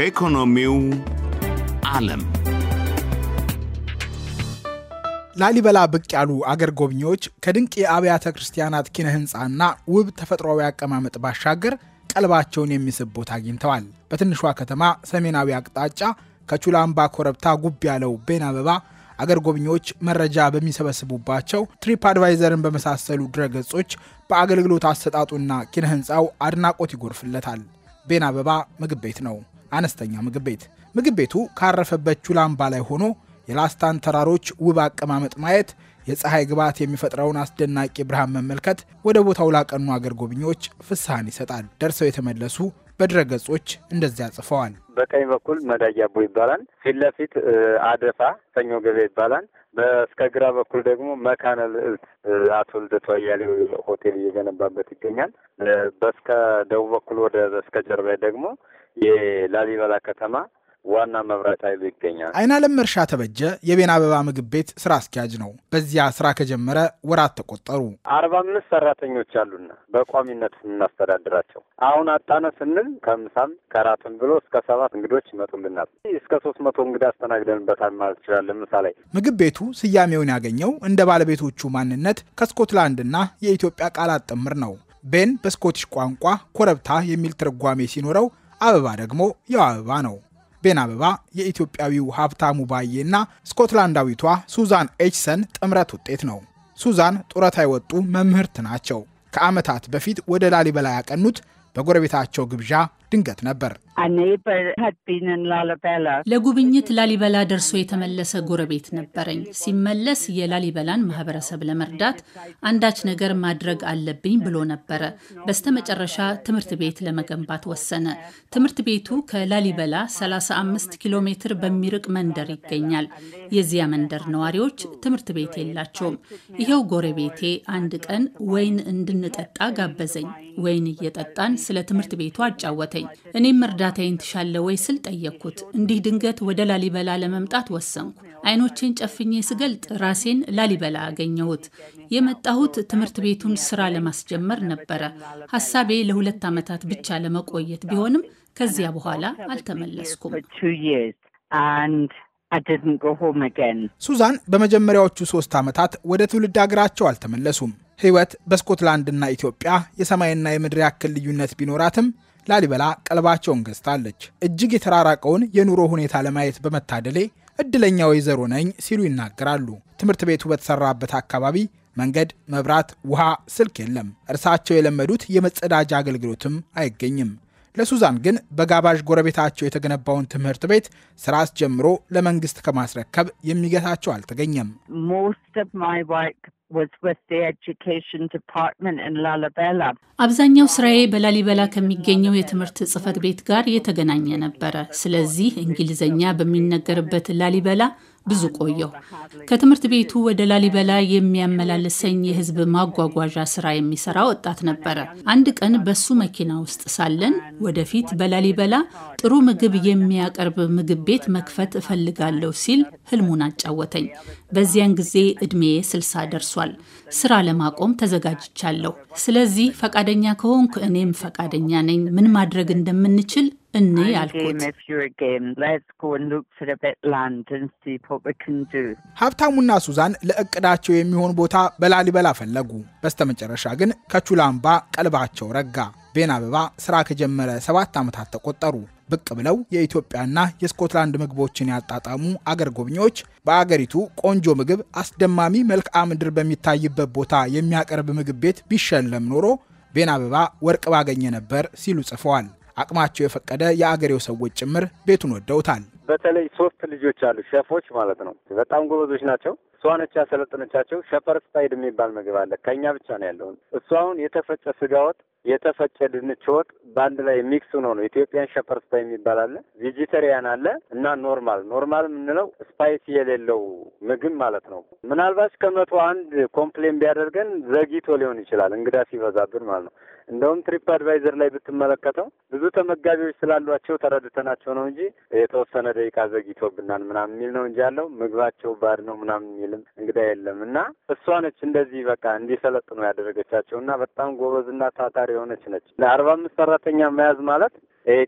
ከኢኮኖሚው ዓለም ላሊበላ ብቅ ያሉ አገር ጎብኚዎች ከድንቅ የአብያተ ክርስቲያናት ኪነ ሕንፃና ውብ ተፈጥሯዊ አቀማመጥ ባሻገር ቀልባቸውን የሚስብ ቦታ አግኝተዋል። በትንሿ ከተማ ሰሜናዊ አቅጣጫ ከቹላምባ ኮረብታ ጉብ ያለው ቤን አበባ አገር ጎብኚዎች መረጃ በሚሰበስቡባቸው ትሪፕ አድቫይዘርን በመሳሰሉ ድረገጾች በአገልግሎት አሰጣጡና ኪነ ሕንፃው አድናቆት ይጎርፍለታል። ቤን አበባ ምግብ ቤት ነው። አነስተኛ ምግብ ቤት። ምግብ ቤቱ ካረፈበት ጁላምባ ላይ ሆኖ የላስታን ተራሮች ውብ አቀማመጥ ማየት፣ የፀሐይ ግባት የሚፈጥረውን አስደናቂ ብርሃን መመልከት ወደ ቦታው ላቀኑ አገር ጎብኚዎች ፍስሐን ይሰጣል። ደርሰው የተመለሱ በድረገጾች እንደዚያ ጽፈዋል። በቀኝ በኩል መዳይ ይባላል። ፊት ለፊት አደፋ ሰኞ ገበያ ይባላል። በስከ ግራ በኩል ደግሞ መካነ ልዕልት አቶ ልደቱ አያሌው ሆቴል እየገነባበት ይገኛል። በስከ ደቡብ በኩል ወደ በስከ ጀርባ ደግሞ የላሊበላ ከተማ ዋና መብራት ኃይሉ ይገኛል። አይናለም እርሻ ተበጀ የቤን አበባ ምግብ ቤት ስራ አስኪያጅ ነው። በዚያ ስራ ከጀመረ ወራት ተቆጠሩ። አርባ አምስት ሰራተኞች አሉና በቋሚነት እናስተዳድራቸው። አሁን አጣነ ስንል ከምሳም ከራትም ብሎ እስከ ሰባት እንግዶች ይመጡልናል። እስከ ሶስት መቶ እንግዳ አስተናግደንበታል ማለት ይችላል። ምሳሌ ምግብ ቤቱ ስያሜውን ያገኘው እንደ ባለቤቶቹ ማንነት ከስኮትላንድና የኢትዮጵያ ቃላት ጥምር ነው። ቤን በስኮቲሽ ቋንቋ ኮረብታ የሚል ትርጓሜ ሲኖረው አበባ ደግሞ ያው አበባ ነው። ቤን አበባ የኢትዮጵያዊው ሀብታሙ ባዬና ስኮትላንዳዊቷ ሱዛን ኤችሰን ጥምረት ውጤት ነው። ሱዛን ጡረታ የወጡ መምህርት ናቸው። ከዓመታት በፊት ወደ ላሊበላ ያቀኑት በጎረቤታቸው ግብዣ ድንገት ነበር። ለጉብኝት ላሊበላ ደርሶ የተመለሰ ጎረቤት ነበረኝ። ሲመለስ የላሊበላን ማህበረሰብ ለመርዳት አንዳች ነገር ማድረግ አለብኝ ብሎ ነበረ። በስተመጨረሻ ትምህርት ቤት ለመገንባት ወሰነ። ትምህርት ቤቱ ከላሊበላ 35 ኪሎ ሜትር በሚርቅ መንደር ይገኛል። የዚያ መንደር ነዋሪዎች ትምህርት ቤት የላቸውም። ይኸው ጎረቤቴ አንድ ቀን ወይን እንድንጠጣ ጋበዘኝ። ወይን እየጠጣን ስለ ትምህርት ቤቱ አጫወተ። ደገፈኝ። እኔም እርዳታዬን ትሻለ ወይ ስል ጠየቅኩት። እንዲህ ድንገት ወደ ላሊበላ ለመምጣት ወሰንኩ። አይኖቼን ጨፍኜ ስገልጥ ራሴን ላሊበላ አገኘሁት። የመጣሁት ትምህርት ቤቱን ስራ ለማስጀመር ነበረ። ሀሳቤ ለሁለት ዓመታት ብቻ ለመቆየት ቢሆንም ከዚያ በኋላ አልተመለስኩም። ሱዛን በመጀመሪያዎቹ ሶስት ዓመታት ወደ ትውልድ አገራቸው አልተመለሱም። ሕይወት በስኮትላንድና ኢትዮጵያ የሰማይና የምድር ያክል ልዩነት ቢኖራትም ላሊበላ ቀልባቸውን ገዝታለች። እጅግ የተራራቀውን የኑሮ ሁኔታ ለማየት በመታደሌ እድለኛ ወይዘሮ ነኝ ሲሉ ይናገራሉ። ትምህርት ቤቱ በተሰራበት አካባቢ መንገድ፣ መብራት፣ ውሃ፣ ስልክ የለም። እርሳቸው የለመዱት የመጸዳጃ አገልግሎትም አይገኝም። ለሱዛን ግን በጋባዥ ጎረቤታቸው የተገነባውን ትምህርት ቤት ስራ አስጀምሮ ለመንግስት ከማስረከብ የሚገታቸው አልተገኘም። አብዛኛው ስራዬ በላሊበላ ከሚገኘው የትምህርት ጽህፈት ቤት ጋር የተገናኘ ነበረ። ስለዚህ እንግሊዝኛ በሚነገርበት ላሊበላ ብዙ ቆየሁ። ከትምህርት ቤቱ ወደ ላሊበላ የሚያመላልሰኝ የህዝብ ማጓጓዣ ስራ የሚሰራ ወጣት ነበረ። አንድ ቀን በሱ መኪና ውስጥ ሳለን ወደፊት በላሊበላ ጥሩ ምግብ የሚያቀርብ ምግብ ቤት መክፈት እፈልጋለሁ ሲል ህልሙን አጫወተኝ። በዚያን ጊዜ እድሜዬ ስልሳ ደርሷል። ስራ ለማቆም ተዘጋጅቻለሁ። ስለዚህ ፈቃደኛ ከሆንክ እኔም ፈቃደኛ ነኝ። ምን ማድረግ እንደምንችል እኔ ያልኩት ሀብታሙና ሱዛን ለእቅዳቸው የሚሆን ቦታ በላሊበላ ፈለጉ። በስተመጨረሻ ግን ከቹላምባ ቀልባቸው ረጋ። ቤን አበባ ስራ ከጀመረ ሰባት ዓመታት ተቆጠሩ። ብቅ ብለው የኢትዮጵያና የስኮትላንድ ምግቦችን ያጣጣሙ አገር ጎብኚዎች በአገሪቱ ቆንጆ ምግብ አስደማሚ መልክዓ ምድር በሚታይበት ቦታ የሚያቀርብ ምግብ ቤት ቢሸለም ኖሮ ቤን አበባ ወርቅ ባገኘ ነበር ሲሉ ጽፈዋል። አቅማቸው የፈቀደ የአገሬው ሰዎች ጭምር ቤቱን ወደውታል። በተለይ ሶስት ልጆች አሉ፣ ሸፎች ማለት ነው። በጣም ጎበዞች ናቸው። እሷ ያሰለጠነቻቸው። ሸፐርስ የሚባል ምግብ አለ፣ ከእኛ ብቻ ነው ያለውን። እሱ አሁን የተፈጨ ስጋ ወጥ፣ የተፈጨ ድንች ወጥ በአንድ ላይ ሚክስ ነው ነው። ኢትዮጵያን ሸፐርስ የሚባል አለ፣ ቬጂተሪያን አለ እና ኖርማል ኖርማል የምንለው ስፓይሲ የሌለው ምግብ ማለት ነው። ምናልባት ከመቶ አንድ ኮምፕሌን ቢያደርገን ዘግይቶ ሊሆን ይችላል እንግዳ ሲበዛብን ማለት ነው። እንደውም ትሪፕ አድቫይዘር ላይ ብትመለከተው ብዙ ተመጋቢዎች ስላሏቸው ተረድተናቸው ነው እንጂ የተወሰነ ደቂቃ ዘግይቶብናል ምናምን የሚል ነው እንጂ ያለው ምግባቸው ባድ ነው ምናምን የሚልም እንግዳ የለም። እና እሷ ነች እንደዚህ በቃ እንዲሰለጥኑ ያደረገቻቸው እና በጣም ጎበዝና ታታሪ የሆነች ነች። ለአርባ አምስት ሰራተኛ መያዝ ማለት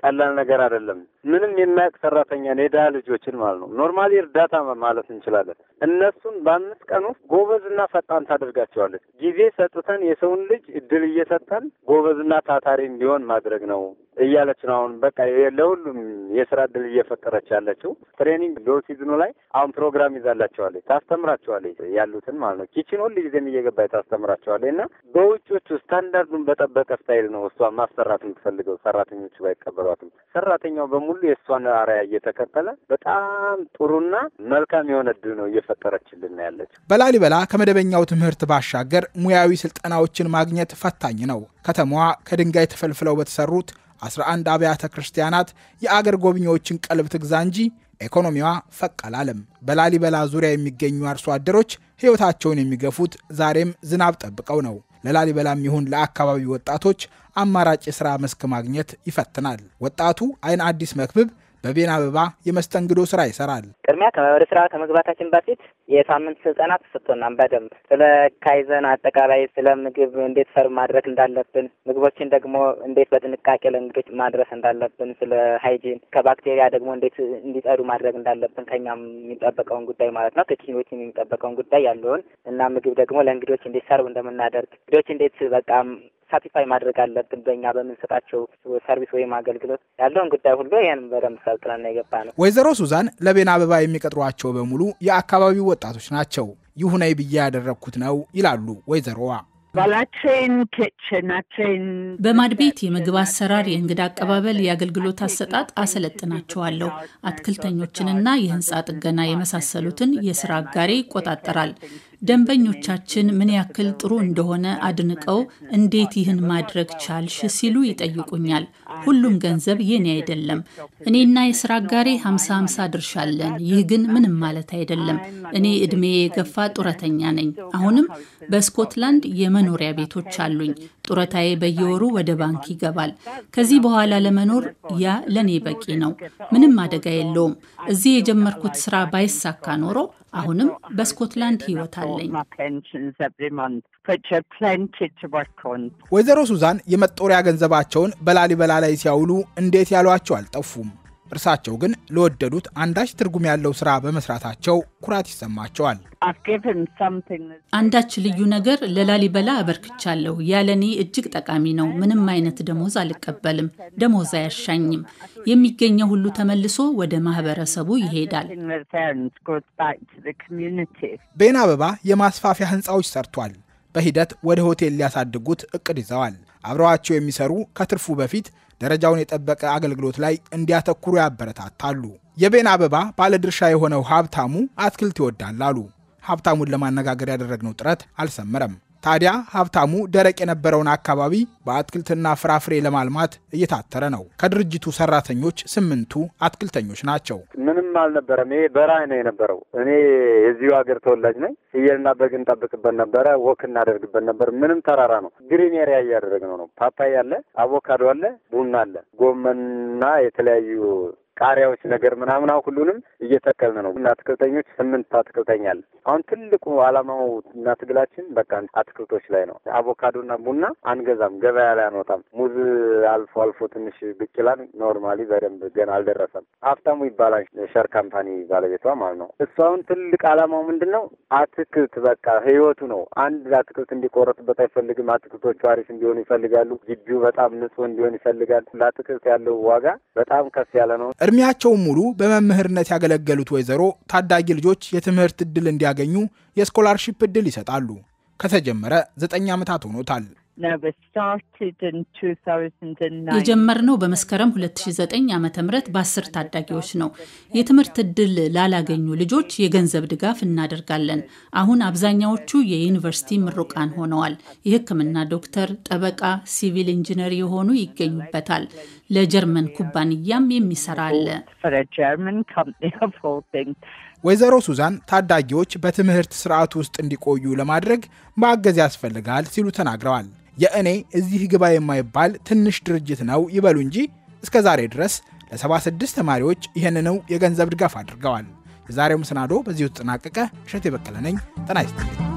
ቀላል ነገር አይደለም። ምንም የማያውቅ ሰራተኛን የድሃ ልጆችን ማለት ነው ኖርማሊ እርዳታ ማለት እንችላለን። እነሱን በአምስት ቀን ውስጥ ጎበዝና ፈጣን ታደርጋቸዋለች። ጊዜ ሰጥተን የሰውን ልጅ እድል እየሰጠን ጎበዝና ታታሪ እንዲሆን ማድረግ ነው እያለች ነው። አሁን በቃ ለሁሉም የስራ እድል እየፈጠረች ያለችው ትሬኒንግ ዶር ሲዝኑ ላይ አሁን ፕሮግራም ይዛላቸዋለች፣ ታስተምራቸዋለች ያሉትን ማለት ነው። ኪችን ሁል ጊዜም እየገባች ታስተምራቸዋለች እና በውጮቹ ስታንዳርዱን በጠበቀ ስታይል ነው እሷ ማሰራት የምትፈልገው። ሰራተኞቹ ባይቀበሏትም ሰራተኛው በሙሉ የእሷን አርያ እየተከተለ በጣም ጥሩና መልካም የሆነ እድል ነው እየፈጠረችልን ያለችው። በላሊበላ ከመደበኛው ትምህርት ባሻገር ሙያዊ ስልጠናዎችን ማግኘት ፈታኝ ነው። ከተማዋ ከድንጋይ ተፈልፍለው በተሰሩት 11 አብያተ ክርስቲያናት የአገር ጎብኚዎችን ቀልብ ትግዛ እንጂ ኢኮኖሚዋ ፈቅ አላለም። በላሊበላ ዙሪያ የሚገኙ አርሶ አደሮች ሕይወታቸውን የሚገፉት ዛሬም ዝናብ ጠብቀው ነው። ለላሊበላም ይሁን ለአካባቢው ወጣቶች አማራጭ የሥራ መስክ ማግኘት ይፈትናል። ወጣቱ አይን አዲስ መክብብ በቤና አበባ የመስተንግዶ ስራ ይሰራል። ቅድሚያ ወደ ስራ ከመግባታችን በፊት የሳምንት ስልጠና ተሰጥቶናል። በደንብ ስለ ካይዘን አጠቃላይ ስለ ምግብ እንዴት ሰር ማድረግ እንዳለብን፣ ምግቦችን ደግሞ እንዴት በጥንቃቄ ለእንግዶች ማድረስ እንዳለብን፣ ስለ ሃይጂን ከባክቴሪያ ደግሞ እንዴት እንዲጠሩ ማድረግ እንዳለብን ከኛም የሚጠበቀውን ጉዳይ ማለት ነው ከኪችኖች የሚጠበቀውን ጉዳይ ያለውን እና ምግብ ደግሞ ለእንግዶች እንዴት ሰርቭ እንደምናደርግ እንግዶች እንዴት በቃ ሳቲፋይ ማድረግ አለብን። በእኛ በምንሰጣቸው ሰርቪስ ወይም አገልግሎት ያለውን ጉዳይ ሁሉ ይህን በደንብ ሰልጥነን የገባ ነው። ወይዘሮ ሱዛን ለቤና አበባ የሚቀጥሯቸው በሙሉ የአካባቢው ወጣቶች ናቸው። ይሁነይ ብዬ ያደረግኩት ነው ይላሉ ወይዘሮዋ። በማድ ቤት የምግብ አሰራር፣ የእንግዳ አቀባበል፣ የአገልግሎት አሰጣጥ አሰለጥናቸዋለሁ። አትክልተኞችንና የህንፃ ጥገና የመሳሰሉትን የስራ አጋሬ ይቆጣጠራል። ደንበኞቻችን ምን ያክል ጥሩ እንደሆነ አድንቀው እንዴት ይህን ማድረግ ቻልሽ ሲሉ ይጠይቁኛል። ሁሉም ገንዘብ የኔ አይደለም። እኔና የስራ አጋሬ 50 50 ድርሻ አለን። ይህ ግን ምንም ማለት አይደለም። እኔ እድሜ የገፋ ጡረተኛ ነኝ። አሁንም በስኮትላንድ የመኖሪያ ቤቶች አሉኝ። ጡረታዬ በየወሩ ወደ ባንክ ይገባል። ከዚህ በኋላ ለመኖር ያ ለእኔ በቂ ነው። ምንም አደጋ የለውም። እዚህ የጀመርኩት ስራ ባይሳካ ኖሮ አሁንም በስኮትላንድ ህይወት አለኝ። ወይዘሮ ሱዛን የመጦሪያ ገንዘባቸውን በላሊበላ ላይ ሲያውሉ እንዴት ያሏቸው አልጠፉም። እርሳቸው ግን ለወደዱት አንዳች ትርጉም ያለው ስራ በመስራታቸው ኩራት ይሰማቸዋል። አንዳች ልዩ ነገር ለላሊበላ አበርክቻለሁ። ያለኔ እጅግ ጠቃሚ ነው። ምንም አይነት ደሞዝ አልቀበልም። ደሞዝ አያሻኝም። የሚገኘው ሁሉ ተመልሶ ወደ ማህበረሰቡ ይሄዳል። በኤን አበባ የማስፋፊያ ህንፃዎች ሰርቷል። በሂደት ወደ ሆቴል ሊያሳድጉት እቅድ ይዘዋል። አብረዋቸው የሚሰሩ ከትርፉ በፊት ደረጃውን የጠበቀ አገልግሎት ላይ እንዲያተኩሩ ያበረታታሉ። የቤን አበባ ባለድርሻ የሆነው ሀብታሙ አትክልት ይወዳል አሉ። ሀብታሙን ለማነጋገር ያደረግነው ጥረት አልሰመረም። ታዲያ ሀብታሙ ደረቅ የነበረውን አካባቢ በአትክልትና ፍራፍሬ ለማልማት እየታተረ ነው። ከድርጅቱ ሰራተኞች ስምንቱ አትክልተኞች ናቸው። ምንም አልነበረም። ይሄ በራይ ነው የነበረው። እኔ የዚሁ ሀገር ተወላጅ ነኝ። ፍየልና በግ እንጠብቅበት ነበረ፣ ወክ እናደርግበት ነበር። ምንም ተራራ ነው። ግሪን ኤሪያ እያደረግነው ነው። ፓፓይ አለ፣ አቮካዶ አለ፣ ቡና አለ፣ ጎመንና የተለያዩ ቃሪያዎች ነገር ምናምን አሁን ሁሉንም እየተከልን ነው እና አትክልተኞች ስምንት አትክልተኛል። አሁን ትልቁ አላማው እና ትግላችን በቃ አትክልቶች ላይ ነው። አቮካዶና ቡና አንገዛም፣ ገበያ ላይ አንወጣም። ሙዝ አልፎ አልፎ ትንሽ ብችላን ኖርማሊ በደንብ ገና አልደረሰም። ሀብታሙ ይባላል ሸር ካምፓኒ ባለቤቷ ማለት ነው። እሷሁን አሁን ትልቅ አላማው ምንድን ነው? አትክልት በቃ ህይወቱ ነው። አንድ አትክልት እንዲቆረጥበት አይፈልግም። አትክልቶቹ አሪፍ እንዲሆኑ ይፈልጋሉ። ግቢው በጣም ንጹህ እንዲሆን ይፈልጋል። ለአትክልት ያለው ዋጋ በጣም ከፍ ያለ ነው። እድሜያቸውን ሙሉ በመምህርነት ያገለገሉት ወይዘሮ ታዳጊ ልጆች የትምህርት ዕድል እንዲያገኙ የስኮላርሺፕ ዕድል ይሰጣሉ። ከተጀመረ ዘጠኝ ዓመታት ሆኖታል። የጀመርነው በመስከረም 2009 ዓ ም በአስር ታዳጊዎች ነው። የትምህርት ዕድል ላላገኙ ልጆች የገንዘብ ድጋፍ እናደርጋለን። አሁን አብዛኛዎቹ የዩኒቨርሲቲ ምሩቃን ሆነዋል። የሕክምና ዶክተር፣ ጠበቃ፣ ሲቪል ኢንጂነር የሆኑ ይገኙበታል። ለጀርመን ኩባንያም የሚሰራ አለ። ወይዘሮ ሱዛን ታዳጊዎች በትምህርት ስርዓት ውስጥ እንዲቆዩ ለማድረግ ማገዝ ያስፈልጋል ሲሉ ተናግረዋል። የእኔ እዚህ ግባ የማይባል ትንሽ ድርጅት ነው ይበሉ እንጂ እስከ ዛሬ ድረስ ለ76 ተማሪዎች ይህንኑ የገንዘብ ድጋፍ አድርገዋል። የዛሬው መሰናዶ በዚሁ ተጠናቀቀ። እሸት የበቀለ ነኝ። ጤና ይስጥልኝ።